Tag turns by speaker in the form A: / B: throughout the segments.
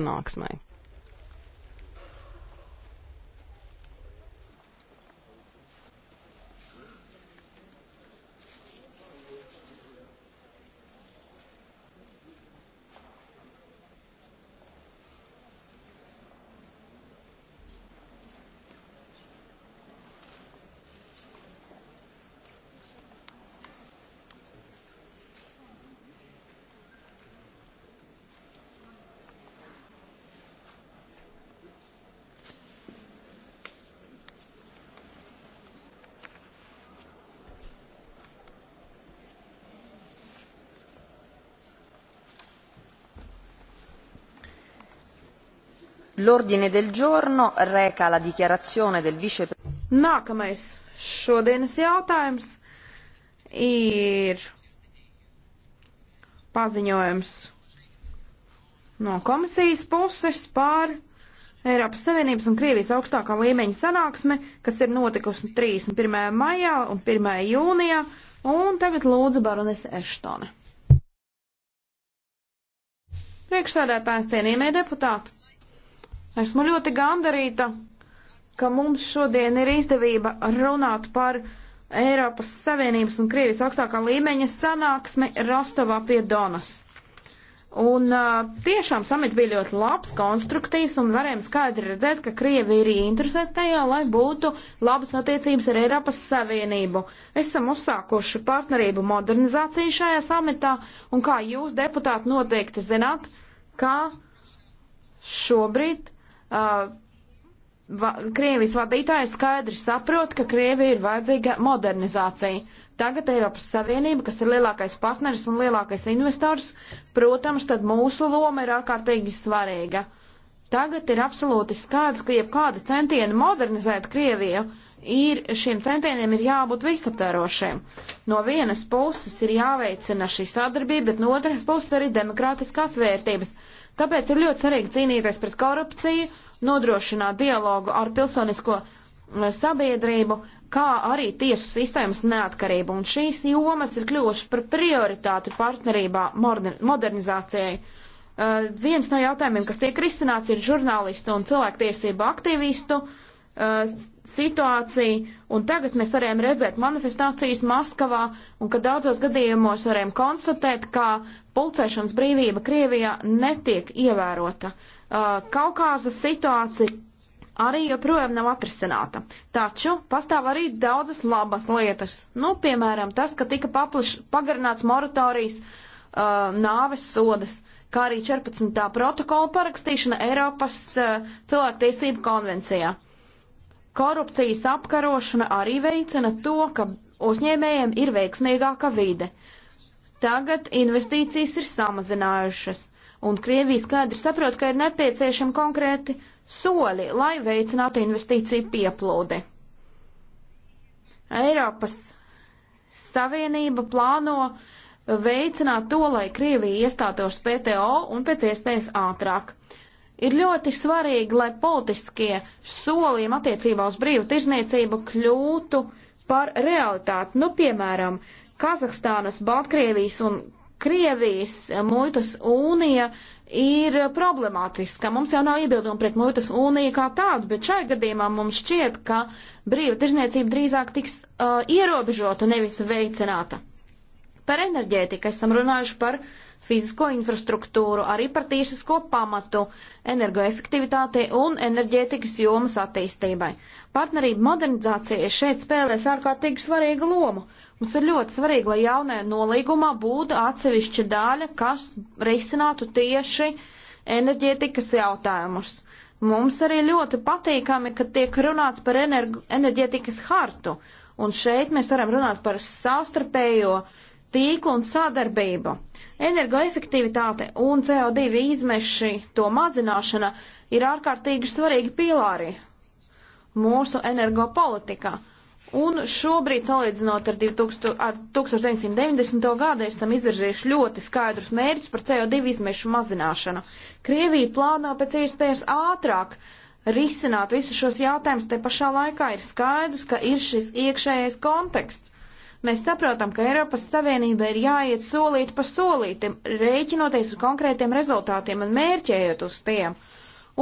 A: sanāksmei
B: L'ordine del giorno reca la dichiarazione del viceprezidente.
A: Nākamais šodienas jautājums ir paziņojums no komisijas puses par Eiropas Savienības un Krievijas augstākā līmeņa sanāksme, kas ir notikusi 31. maijā un 1. jūnijā, un tagad lūdzu baronese Eštone. Priekšsēdētāji, cienījamie deputāti! Esmu ļoti gandarīta, ka mums šodien ir izdevība runāt par Eiropas Savienības un Krievijas augstākā līmeņa sanāksmi Rostovā pie Donas. Un uh, tiešām samits bija ļoti labs, konstruktīvs un varējām skaidri redzēt, ka Krievi ir interesēta tajā, lai būtu labas attiecības ar Eiropas Savienību. Esam uzsākuši partnerību modernizāciju šajā samitā un kā jūs deputāti noteikti zināt, kā šobrīd uh, uh, va, Krievijas vadītāji skaidri saprot, ka Krievija ir vajadzīga modernizācija. Tagad Eiropas Savienība, kas ir lielākais partneris un lielākais investors, protams, tad mūsu loma ir ārkārtīgi svarīga. Tagad ir absolūti skaidrs, ka jebkāda centiena modernizēt Krieviju ir šiem centieniem ir jābūt visaptērošiem. No vienas puses ir jāveicina šī sadarbība, bet no otras puses arī demokrātiskās vērtības. Uh, Tāpēc ir ļoti svarīgi cīnīties pret korupciju, nodrošināt dialogu ar pilsonisko eh, sabiedrību, kā arī tiesu sistēmas neatkarību. Un šīs jomas ir kļuvušas par prioritāti partnerībā modernizācijai. Uh, viens no jautājumiem, kas tiek risināts, ir žurnālistu un cilvēktiesību aktīvistu uh, Uh, situāciju, un tagad mēs varējām redzēt manifestācijas Maskavā, un ka daudzos gadījumos varējām konstatēt, ka pulcēšanas brīvība Krievijā netiek ievērota. Uh, Kaukāzas situācija arī joprojām nav atrisināta. Taču pastāv arī daudzas labas lietas. Nu, piemēram, tas, ka tika papliš, pagarināts moratorijas uh, nāves sodas kā arī 14. protokola parakstīšana Eiropas uh, cilvēktiesību konvencijā. Uh, Korupcijas apkarošana arī veicina to, ka uzņēmējiem ir veiksmīgāka vide. Tagad investīcijas ir samazinājušas, un Krievija skaidri saprot, ka ir nepieciešami konkrēti soļi, lai veicinātu investīciju pieplūdi. Eiropas Savienība plāno veicināt to, lai Krievija iestātos PTO un pēc iespējas ātrāk. Ir ļoti svarīgi, lai politiskie solījumi attiecībā uz brīvu tirzniecību kļūtu par realitāti. Nu, piemēram, Kazahstānas, Baltkrievijas un Krievijas muitas unija ir problemātiska. Mums jau nav iebildumi pret muitas uniju kā tādu, bet šai gadījumā mums šķiet, ka brīva tirzniecība drīzāk tiks uh, ierobežota, nevis veicināta. Par enerģētiku esam runājuši par uh, fizisko infrastruktūru, arī par tiesisko pamatu, energoefektivitātei un enerģētikas jomas attīstībai. Partnerība modernizācija šeit spēlēs ārkārtīgi svarīgu lomu. Mums ir ļoti svarīgi, lai jaunajā nolīgumā būtu atsevišķa daļa, kas risinātu tieši enerģētikas jautājumus. Mums arī ļoti patīkami, ka tiek runāts par enerģētikas hartu, un šeit mēs varam runāt par savstarpējo tīklu un sadarbību. Energoefektivitāte un CO2 izmeši to mazināšana ir ārkārtīgi svarīgi pīlāri mūsu energopolitikā. Un šobrīd, salīdzinot ar, 2000, ar 1990. gadu, esam izvirzījuši ļoti skaidrus mērķus par CO2 izmešu mazināšanu. Krievija plāno pēc iespējas ātrāk risināt visus šos jautājumus, te pašā laikā ir skaidrs, ka ir šis iekšējais konteksts Mēs saprotam, ka Eiropas Savienība ir jāiet solīt pa solītim, rēķinoties uz konkrētiem rezultātiem un mērķējot uz tiem.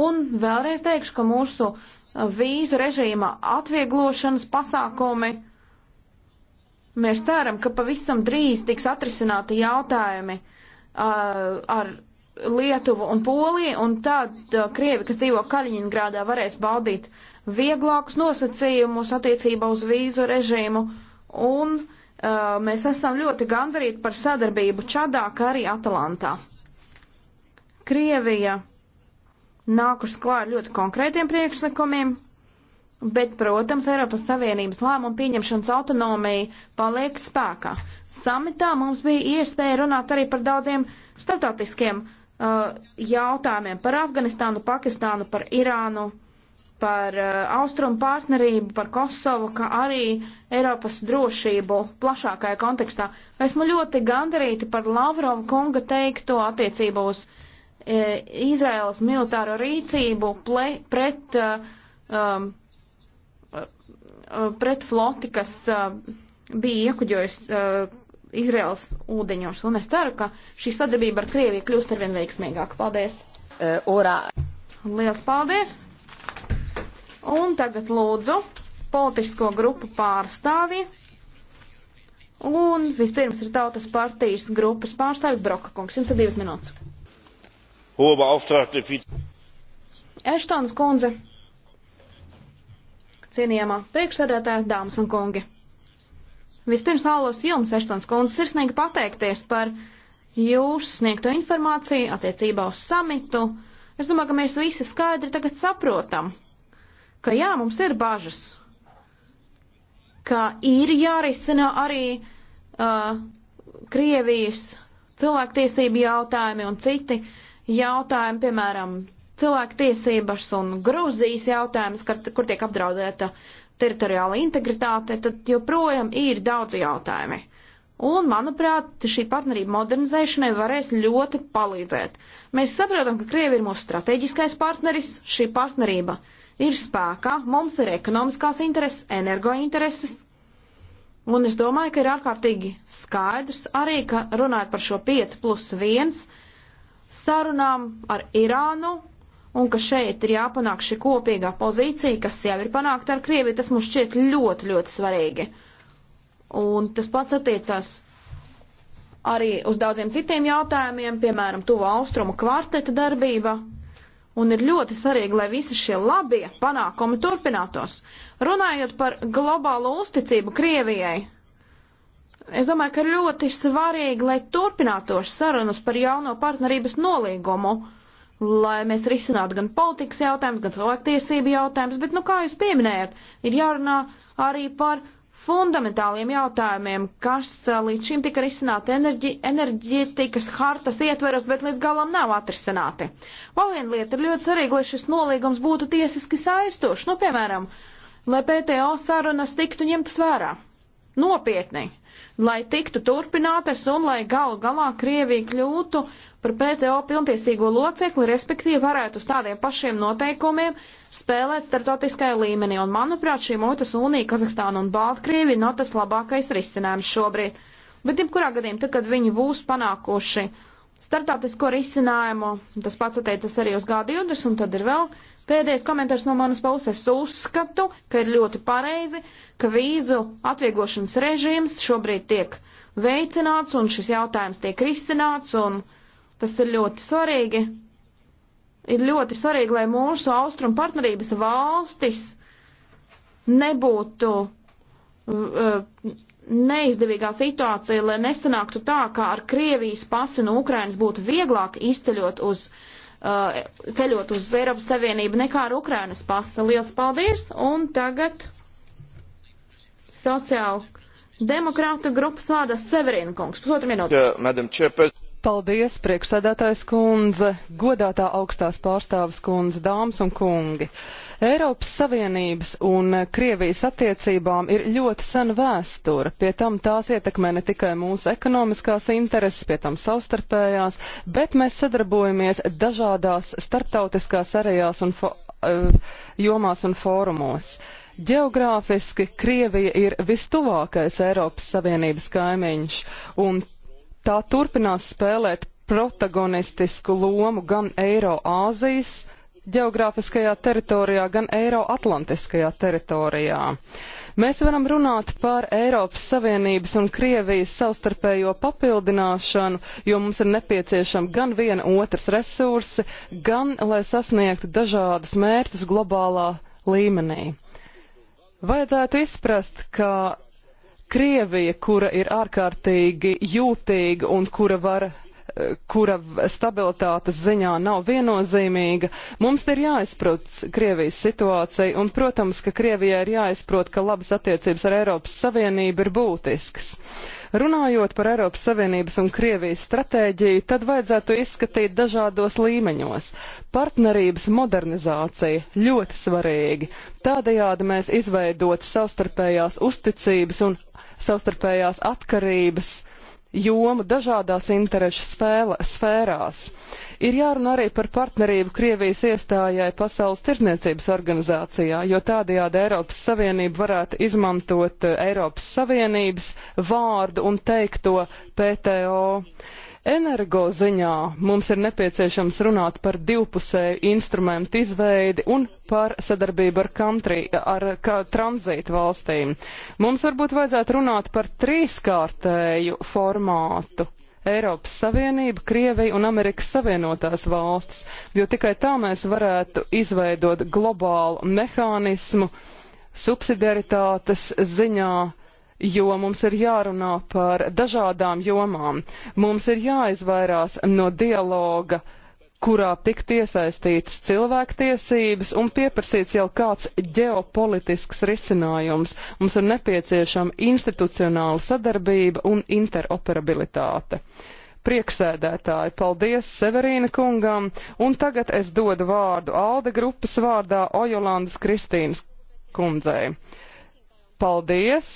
A: Un vēlreiz teikšu, ka mūsu vīzu režīma atvieglošanas pasākumi. Mēs ceram, ka pavisam drīz tiks atrisināti jautājumi uh, ar Lietuvu un Poliju, un tad uh, Krievi, kas dzīvo Kaļiņingrādā, varēs baudīt vieglākus nosacījumus attiecībā uz vīzu režīmu. Uh, un uh, mēs esam ļoti gandarīti par sadarbību Čadā, kā arī Atalantā. Krievija nākus klāt ļoti konkrētiem priekšlikumiem, bet, protams, Eiropas Savienības lēmumu pieņemšanas autonomija paliek spēkā. Samitā mums bija iespēja runāt arī par daudziem starptautiskiem uh, jautājumiem par Afganistānu, Pakistānu, par Irānu. Uh, par eh, austrumu partnerību, par Kosovu, kā arī Eiropas drošību plašākajā kontekstā. Esmu ļoti gandarīti par Lavrovu kunga teikto attiecībā uz e, eh, Izraēlas militāro rīcību ple, pret, eh, um, pret floti, kas uh, bija iekuģojis uh, Izraēlas ūdeņos. Un es ceru, ka šī sadarbība ar Krieviju kļūst arvien veiksmīgāka. Paldies! Uh, orā. Liels paldies! Un tagad lūdzu politisko grupu pārstāvi. Un vispirms ir Tautas partijas grupas pārstāvis Broka kungs. Jums ir divas minūtes. Eštons kundze, cienījamā priekšsēdētāja, dāmas un kungi. Vispirms vēlos jums, Eštons kundze, sirsnīgi pateikties par jūsu sniegto informāciju attiecībā uz samitu. Es domāju, ka mēs visi skaidri tagad saprotam, ka jā, mums ir bažas, ka ir jārisina arī uh, Krievijas cilvēktiesību jautājumi un citi jautājumi, piemēram, cilvēktiesības un Grūzijas jautājums, kur, kur tiek apdraudēta teritoriāla integritāte, tad joprojām ir daudz jautājumi. Un, manuprāt, šī partnerība modernizēšanai varēs ļoti palīdzēt. Mēs saprotam, ka Krievi ir mūsu strateģiskais partneris, šī partnerība uh, ir spēkā, mums ir ekonomiskās intereses, energointereses, un es domāju, ka ir ārkārtīgi skaidrs arī, ka runājot par šo 5 plus 1 sarunām ar Irānu, un ka šeit ir jāpanāk šī kopīgā pozīcija, kas jau ir panākta ar Krieviju, tas mums šķiet ļoti, ļoti svarīgi. Un tas pats attiecās arī uz daudziem citiem jautājumiem, piemēram, tuvo austrumu kvarteta darbība, Un ir ļoti svarīgi, lai visi šie labie panākumi turpinātos. Runājot par globālo uzticību Krievijai, es domāju, ka ļoti svarīgi, lai turpinātos sarunas par jauno partnerības nolīgumu, lai mēs risinātu gan politikas jautājumus, gan cilvēktiesību jautājumus, bet, nu, kā jūs pieminējat, ir jārunā arī par fundamentāliem jautājumiem, kas eh, līdz šim tika risināti enerģi, enerģētikas hartas ietveros, bet līdz galam nav atrisināti. Vēl viena lieta ir ļoti svarīga, lai šis nolīgums būtu tiesiski saistošs, nu, piemēram, lai PTO sarunas tiktu ņemtas vērā. Nopietni lai tiktu turpinātas un lai galu galā Krievija kļūtu par PTO pilntiestīgo locekli, respektīvi varētu uz tādiem pašiem noteikumiem spēlēt starptautiskajā līmenī. Un, manuprāt, šī muitas unija Kazahstāna un Baltkrievija nav tas labākais risinājums šobrīd. Bet, jebkurā gadījumā, tad, kad viņi būs panākuši starptautisko risinājumu, tas pats attiecas arī uz G20, un tad ir vēl Pēdējais komentārs no manas puses. Es uzskatu, ka ir ļoti pareizi, ka vīzu atvieglošanas režīms šobrīd tiek veicināts un šis jautājums tiek risināts, un tas ir ļoti svarīgi. Ir ļoti svarīgi, lai mūsu austrumu partnerības valstis nebūtu uh, neizdevīgā situācija, lai nesanāktu tā, ka ar Krievijas pasi no Ukrainas būtu vieglāk izceļot uz uh, Uh, ceļot uz Eiropas Savienību nekā ar Ukrainas pasta. Liels paldies! Un tagad
B: sociāla demokrāta grupas vārdā Severina kungs. Pusotru minūti. Paldies, priekšsēdētājs kundze, godātā augstās pārstāvis kundze, dāmas un kungi. Eiropas Savienības un Krievijas attiecībām ir ļoti sena vēstura, pie tam tās ietekmē ne tikai mūsu ekonomiskās intereses, pie tam savstarpējās, bet mēs sadarbojamies dažādās starptautiskās arējās un fo, eh, jomās un fórumos. Geogrāfiski Krievija ir vistuvākais Eiropas Savienības kaimiņš, un Tā turpinās spēlēt protagonistisku lomu gan Eiroāzijas ģeogrāfiskajā teritorijā, gan Eiroatlantiskajā teritorijā. Mēs varam runāt par Eiropas Savienības un Krievijas savstarpējo papildināšanu, jo mums ir nepieciešama gan viena otras resursi, gan lai sasniegtu dažādus mērķus globālā līmenī. Vajadzētu izprast, ka Krievija, kura ir ārkārtīgi jūtīga un kura var eh, kura stabilitātes ziņā nav viennozīmīga. Mums ir jāizprot Krievijas situācija, un, protams, ka Krievijai ir jāizprot, ka labas attiecības ar Eiropas Savienību ir būtisks. Runājot par Eiropas Savienības un Krievijas stratēģiju, tad vajadzētu izskatīt dažādos līmeņos. Partnerības modernizācija ļoti svarīgi. Tādējādi mēs izveidot savstarpējās uzticības un savstarpējās atkarības jomu dažādās interešu spēle, sfērās. Ir jārunā arī par partnerību Krievijas iestājai Pasaules tirdzniecības organizācijā, jo tādējādi Eiropas Savienība varētu izmantot eh, Eiropas Savienības vārdu un teikto PTO. Energo ziņā mums ir nepieciešams runāt par divpusēju instrumentu izveidi un par sadarbību ar, country, ar kā, tranzītu valstīm. Mums varbūt vajadzētu runāt par trīskārtēju formātu. Eiropas Savienība, Krievija un Amerikas Savienotās valstis, jo tikai tā mēs varētu izveidot globālu mehānismu subsidiaritātes ziņā jo mums ir jārunā par dažādām jomām. Mums ir jāizvairās no dialoga kurā tiktu iesaistīts cilvēktiesības un pieprasīts jau kāds ģeopolitisks risinājums. Mums ir nepieciešama institucionāla sadarbība un interoperabilitāte. Prieksēdētāji, paldies Severīna kungam, un tagad es dodu vārdu Alde grupas vārdā Ojolandas Kristīnas kundzei. Paldies!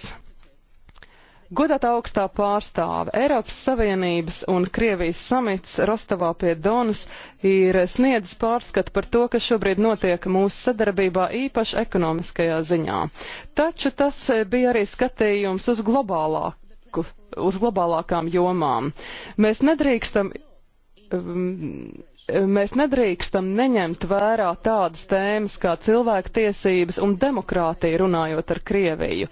B: Godātā augstā pārstāve Eiropas Savienības un Krievijas samits Rostovā pie Donas ir sniedzis pārskatu par to, kas šobrīd notiek mūsu sadarbībā īpaši ekonomiskajā ziņā. Taču tas eh, bija arī skatījums uz globālāku, uz globālākām jomām. Mēs nedrīkstam um, mēs nedrīkstam neņemt vērā tādas tēmas kā cilvēktiesības un demokrātija runājot ar Krieviju.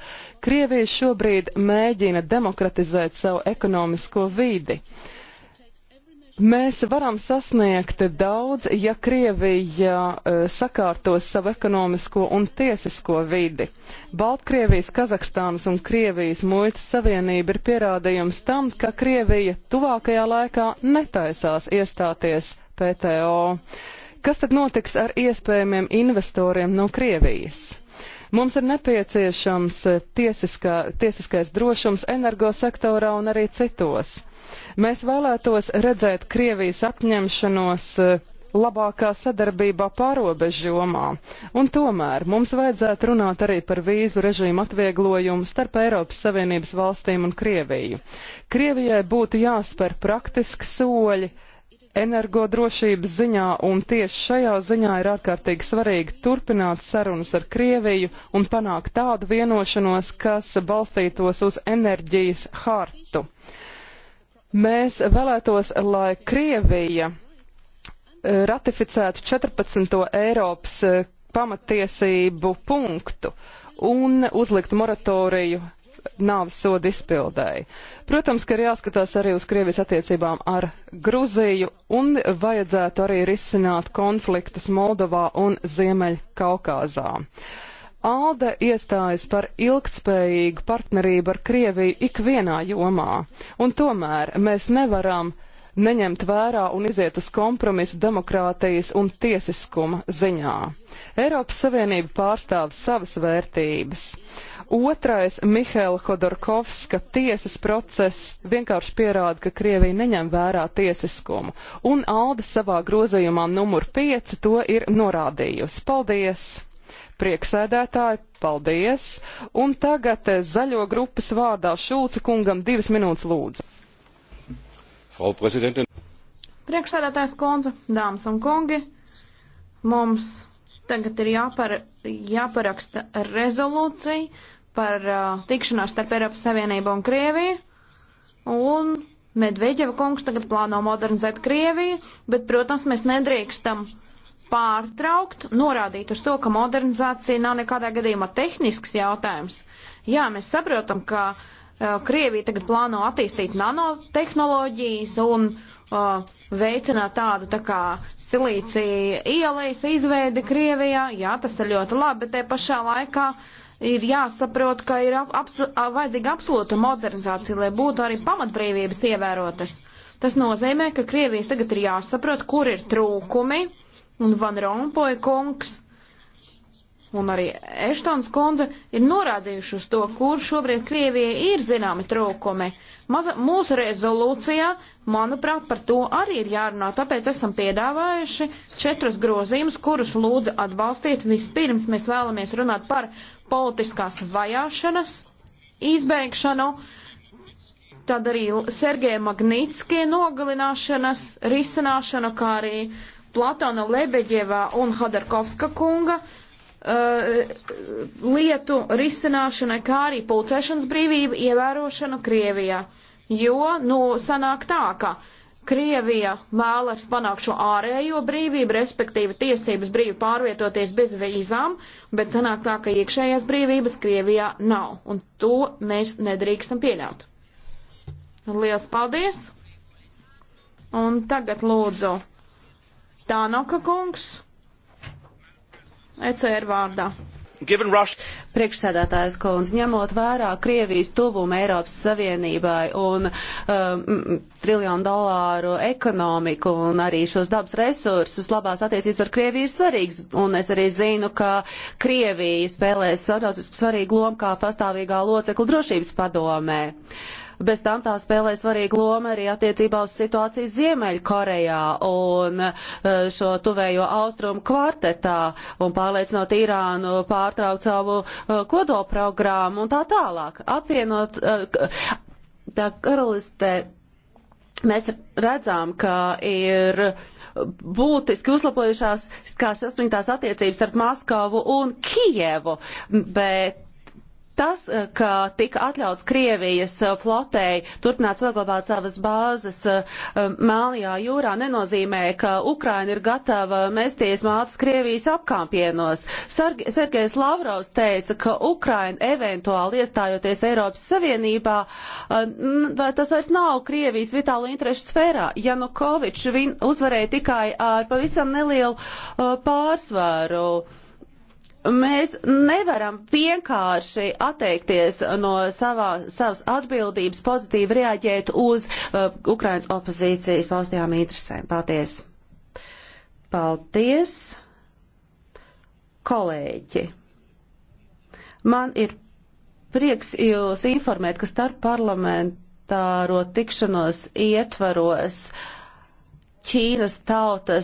B: Krievija šobrīd mēģina demokratizēt savu ekonomisko vidi. Uh, Mēs varam sasniegt daudz, ja Krievija eh, sakārtos savu ekonomisko un tiesisko vidi. Baltkrievijas, Kazahstānas un Krievijas muitas savienība ir pierādījums tam, ka Krievija tuvākajā laikā netaisās iestāties PTO. Kas tad notiks ar iespējamiem investoriem no Krievijas? Mums ir nepieciešams eh, tiesiskā, tiesiskais drošums energosektorā un arī citos. Mēs vēlētos redzēt Krievijas apņemšanos eh, labākā sadarbībā pārobežu jomā, un tomēr mums vajadzētu runāt arī par vīzu režīmu atvieglojumu starp Eiropas Savienības valstīm un Krieviju. Krievijai būtu jāspēr praktiski soļi, energodrošības ziņā, un tieši šajā ziņā ir ārkārtīgi svarīgi turpināt sarunas ar Krieviju un panākt tādu vienošanos, kas balstītos uz enerģijas hartu. Mēs vēlētos, lai Krievija eh, ratificētu 14. Eiropas eh, pamatiesību punktu un uzliktu moratoriju nāves sodu izpildēji. Protams, ka ir jāskatās arī uz Krievijas attiecībām ar Gruziju un vajadzētu arī risināt konfliktus Moldovā un Ziemeļkaukāzā. ALDE iestājas par ilgtspējīgu partnerību ar Krieviju ikvienā jomā, un tomēr mēs nevaram uh, neņemt vērā un iziet uz kompromisu demokrātijas un tiesiskuma ziņā. Eiropas Savienība pārstāv savas vērtības. Otrais Mihaila Hodorkovska tiesas process vienkārši pierāda, ka Krievija neņem vērā tiesiskumu, un Alde savā grozījumā numur 5 to ir norādījusi. Paldies! Prieksēdētāji, paldies! Un tagad eh, zaļo grupas vārdā Šulca kungam divas minūtes lūdzu.
C: Frau Präsidentin!
A: Priekšsēdētājs Konza, dāmas un kungi, mums tagad ir jāpar, jāparaksta rezolūcija par uh, tikšanos starp Eiropas Savienību un Krieviju. Un Medveģeva kungs tagad plāno modernizēt Krieviju, bet, protams, mēs nedrīkstam pārtraukt, norādīt uz to, ka modernizācija nav nekādā gadījumā tehnisks jautājums. Jā, mēs saprotam, ka uh, Uh, Krievija tagad plāno attīstīt nanotehnoloģijas un uh, veicināt tādu tā kā silīcija ielejas izveidi Krievijā. Jā, tas ir ļoti labi, bet te pašā laikā ir jāsaprot, ka ir abso vajadzīga absolūta modernizācija, lai būtu arī pamatbrīvības ievērotas. Tas nozīmē, ka Krievijas tagad ir jāsaprot, kur ir trūkumi, un Van Rompuy kungs un arī Eštons kundze ir norādījuši uz to, kur šobrīd Krievijai ir zināmi trūkumi. Maza, mūsu rezolūcijā, manuprāt, par to arī ir jārunā, tāpēc esam piedāvājuši četrus grozījumus, kurus lūdzu atbalstīt. Vispirms mēs vēlamies runāt par politiskās vajāšanas izbeigšanu, tad arī Sergeja Magnitskie nogalināšanas risināšanu, kā arī Platona Lebeģevā un Hadarkovska kunga uh, Uh, lietu risināšanai, kā arī pulcēšanas brīvība ievērošanu Krievijā. Jo, nu, sanāk tā, ka Krievija vēlas panākt šo ārējo brīvību, respektīvi tiesības brīvi pārvietoties bez vīzām, bet sanāk tā, ka iekšējās brīvības Krievijā nav, un to mēs nedrīkstam pieļaut. Liels paldies! Un tagad lūdzu Tānoka kungs
C: ECR vārdā. Priekšsēdētājs kundze, ņemot vērā Krievijas tuvumu Eiropas Savienībai un um, triljonu dolāru ekonomiku un arī šos dabas resursus, labās attiecības ar Krieviju ir svarīgs. Un es arī zinu, ka Krievija spēlēs starptautiski svarīgu lomu kā pastāvīgā locekla drošības padomē. Uh, Bez tam tā spēlē svarīgu lomu arī attiecībā uz situāciju Ziemeļkorejā un e, šo tuvējo austrumu kvartetā un pārliecinot Irānu pārtraukt savu e, kodolprogrammu un tā tālāk. Apvienot e, tā karalistē mēs redzām, ka ir būtiski uzlabojušās kā sasniegtās attiecības starp Maskavu un Kijevu, bet Tas, eh, ka tika atļauts Krievijas eh, flotei turpināt saglabāt savas bāzes eh, Mālijā jūrā, nenozīmē, ka Ukraina ir gatava mesties mātas Krievijas apkāpienos. Sergejs Lavrovs teica, ka Ukraina eventuāli iestājoties Eiropas Savienībā, vai tas vairs nav Krievijas vitālu interešu sfērā. Janukovičs uzvarēja tikai ar pavisam nelielu pārsvaru. Mēs nevaram vienkārši atteikties no savā, savas atbildības, pozitīvi reaģēt uz uh, Ukrainas opozīcijas paustajām interesēm. Paldies! Paldies, kolēģi! Man ir prieks jūs informēt, ka starp parlamentāro tikšanos ietvaros Ķīnas tautas